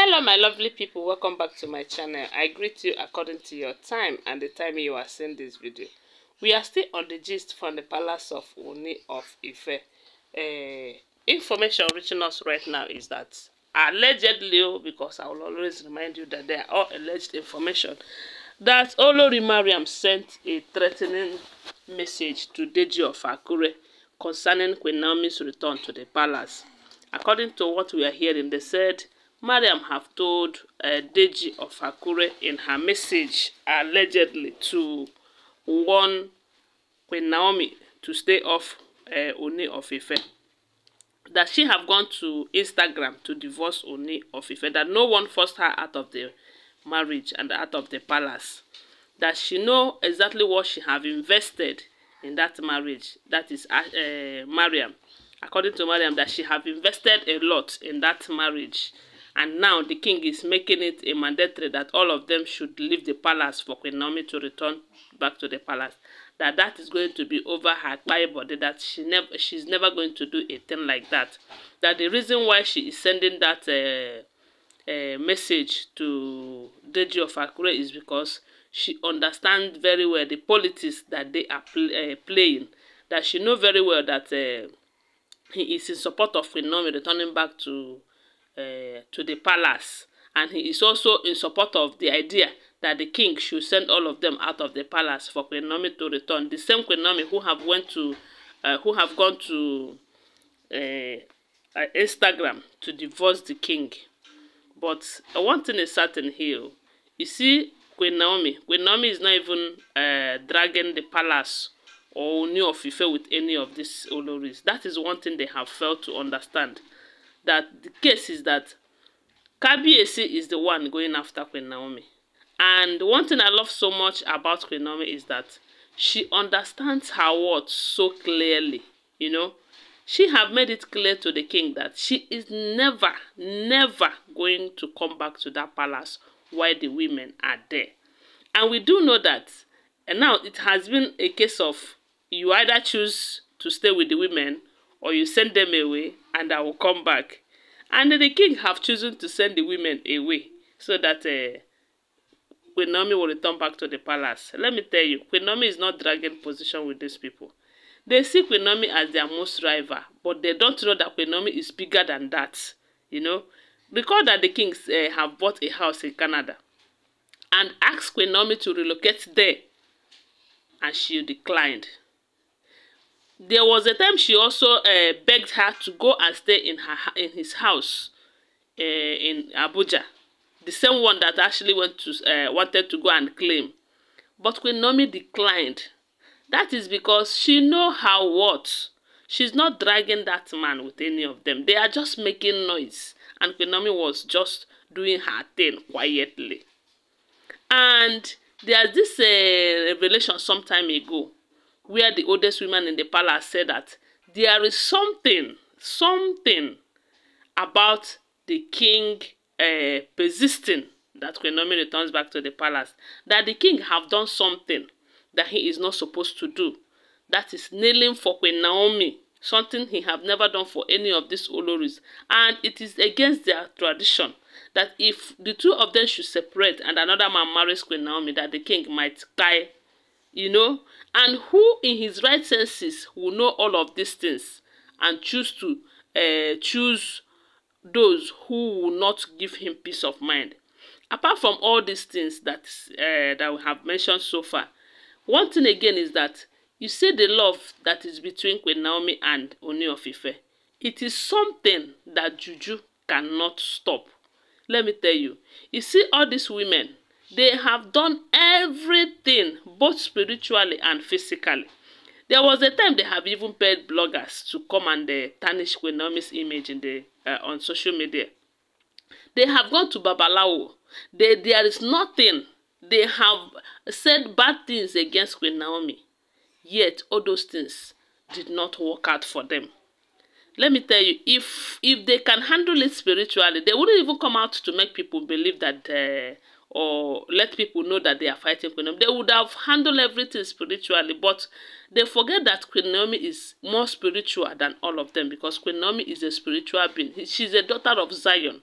hello my lovely people welcome back to my channel i greet you according to your time and the time you are seeing this video we are still on the gist from the palace of Ooni of Ife uh, information reaching us right now is that allegedly oh, because i will always remind you that they are all alleged information that Olori Mariam sent a threatening message to Deji of Akure concerning Queen Naomi's return to the palace according to what we are hearing they said Mariam have told uh, Deji of Akure in her message allegedly to warn Queen Naomi to stay off uh, Ooni of Ife. That she have gone to Instagram to divorce Ooni of Ife. That no one forced her out of the marriage and out of the palace. That she know exactly what she have invested in that marriage. That is uh, Mariam. According to Mariam, that she have invested a lot in that marriage. And now the king is making it a mandatory that all of them should leave the palace for Queen Naomi to return back to the palace. That that is going to be over her body, that she never she's never going to do a thing like that. That the reason why she is sending that uh, uh, message to Deji of Akure is because she understands very well the politics that they are pl uh, playing. That she knows very well that uh, he is in support of Queen Naomi returning back to Eh, to the palace. And he is also in support of the idea that the king should send all of them out of the palace for Queen Naomi to return. The same Queen Naomi who have went to, uh, who have gone to eh, uh, Instagram to divorce the king. But uh, one thing is certain here. You see, Queen Naomi, Queen Naomi is not even uh, dragging the palace or New of Ife with any of these Oloris. That is one thing they have failed to understand that the case is that Kabiesi is the one going after Queen Naomi. And one thing I love so much about Queen Naomi is that she understands her words so clearly, you know. She have made it clear to the king that she is never, never going to come back to that palace while the women are there. And we do know that. And now it has been a case of you either choose to stay with the women or you send them away and I will come back. And the king have chosen to send the women away so that uh, Queen Naomi will return back to the palace. Let me tell you, Queen Naomi is not dragging position with these people. They see Queen Naomi as their most rival, but they don't know that Queen Naomi is bigger than that. You know, recall that the kings uh, have bought a house in Canada and asked Queen Naomi to relocate there, and she declined. There was a time she also uh, begged her to go and stay in her in his house uh, in Abuja, the same one that Ashley went to uh, wanted to go and claim, but Queen Naomi declined. That is because she know how what. She's not dragging that man with any of them. They are just making noise, and Queen Naomi was just doing her thing quietly. And there's this uh, revelation some time ago where the oldest woman in the palace said that there is something, something about the king uh, persisting that Kwenomi returns back to the palace, that the king have done something that he is not supposed to do. That is kneeling for Queen Naomi, something he have never done for any of these Oloris. And it is against their tradition that if the two of them should separate and another man marries Queen Naomi, that the king might die you know and who in his right senses will know all of these things and choose to uh, choose those who will not give him peace of mind apart from all these things that uh, that we have mentioned so far one thing again is that you see the love that is between Queen Naomi and Oni of it is something that juju cannot stop let me tell you you see all these women They have done everything, both spiritually and physically. There was a time they have even paid bloggers to come and uh, tarnish Queen Naomi's image in the, uh, on social media. They have gone to Babalawo. They, there is nothing. They have said bad things against Queen Naomi. Yet, all those things did not work out for them. Let me tell you, if if they can handle it spiritually, they wouldn't even come out to make people believe that uh, or let people know that they are fighting Queen Naomi. They would have handled everything spiritually, but they forget that Queen Naomi is more spiritual than all of them because Queen Naomi is a spiritual being. She's a daughter of Zion,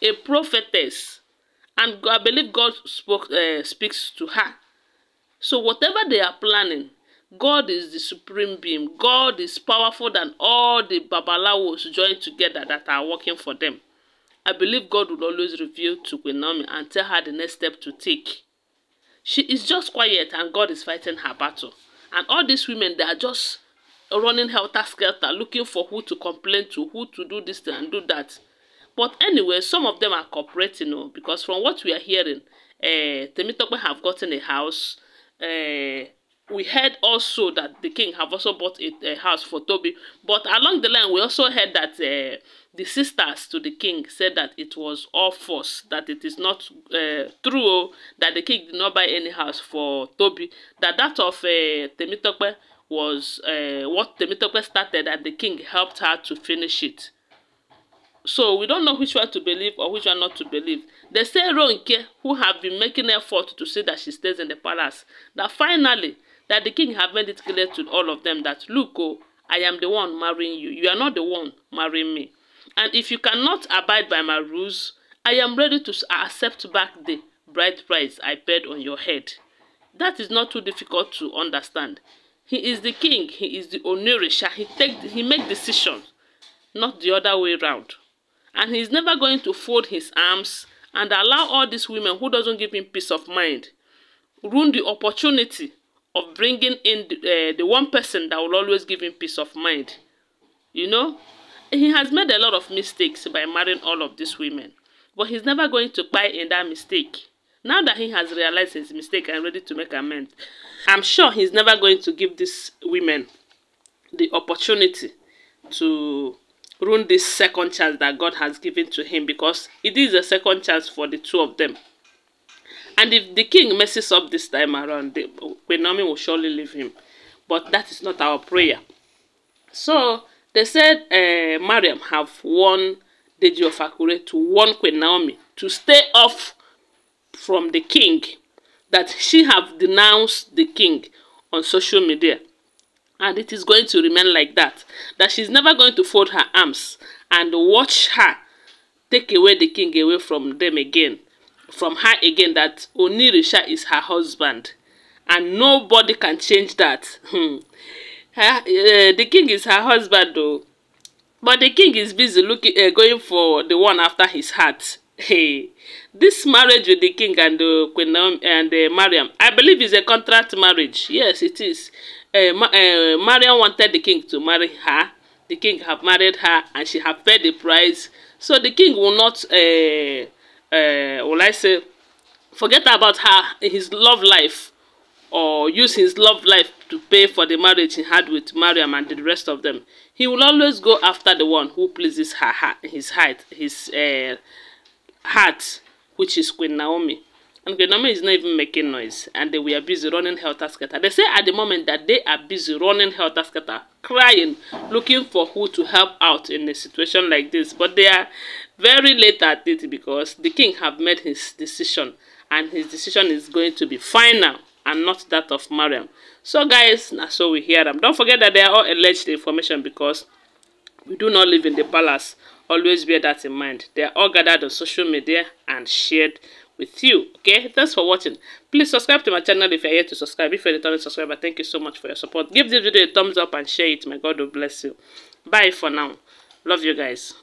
a prophetess, and I believe God spoke, uh, speaks to her. So whatever they are planning, God is the supreme being. God is powerful than all the babalawos joined together that are working for them. I believe God will always reveal to Queen and tell her the next step to take. She is just quiet and God is fighting her battle. And all these women, they are just running helter-skelter, looking for who to complain to, who to do this thing and do that. But anyway, some of them are cooperating, you oh, know, because from what we are hearing, uh, Temitope have gotten a house, uh, we heard also that the king have also bought a, a house for Toby. But along the line, we also heard that uh, the sisters to the king said that it was all false, that it is not uh, true, oh, that the king did not buy any house for Toby, that that of uh, Temitope was uh, what Temitope started and the king helped her to finish it. So we don't know which one to believe or which one not to believe. They say Ronke, who have been making effort to say that she stays in the palace, that finally that the king have made it clear to all of them that, look, oh, I am the one marrying you. You are not the one marrying me. And if you cannot abide by my rules, I am ready to accept back the bride price I paid on your head. That is not too difficult to understand. He is the king. He is the Onerisha. He take he make decisions, not the other way round. And he is never going to fold his arms and allow all these women who doesn't give him peace of mind ruin the opportunity of bringing in the, uh, the one person that will always give him peace of mind. You know, he has made a lot of mistakes by marrying all of these women, but he's never going to buy in that mistake. Now that he has realized his mistake and ready to make amends, I'm sure he's never going to give these women the opportunity to ruin this second chance that God has given to him because it is a second chance for the two of them. And if the king messes up this time around, the Queen Naomi will surely leave him. But that is not our prayer. So they said uh, Mariam have one Deji of Akure to one Queen Naomi to stay off from the king that she have denounced the king on social media and it is going to remain like that that she's never going to fold her arms and watch her take away the king away from them again from her again that Onirisha is her husband. And nobody can change that. Hmm. Her, uh, the king is her husband though. But the king is busy looking, uh, going for the one after his heart. Hey, this marriage with the king and uh, Queen Naomi and uh, Mariam, I believe is a contract marriage. Yes, it is. Uh, Ma uh, Mariam wanted the king to marry her. The king have married her and she have paid the price. So the king will not... Uh, uh, will I say, forget about her, his love life, or use his love life to pay for the marriage he had with Mariam and the rest of them. He will always go after the one who pleases her, her his heart, his uh, heart, which is Queen Naomi. And Grenama is not even making noise, and they were busy running helter skelter. They say at the moment that they are busy running helter skelter, crying, looking for who to help out in a situation like this. But they are very late at it because the king have made his decision, and his decision is going to be final and not that of Mariam. So, guys, so we hear them. Don't forget that they are all alleged information because we do not live in the palace. Always bear that in mind. They are all gathered on social media and shared with you okay thanks for watching please subscribe to my channel if you're here to subscribe if you're a returning subscriber thank you so much for your support give this video a thumbs up and share it my god will bless you bye for now love you guys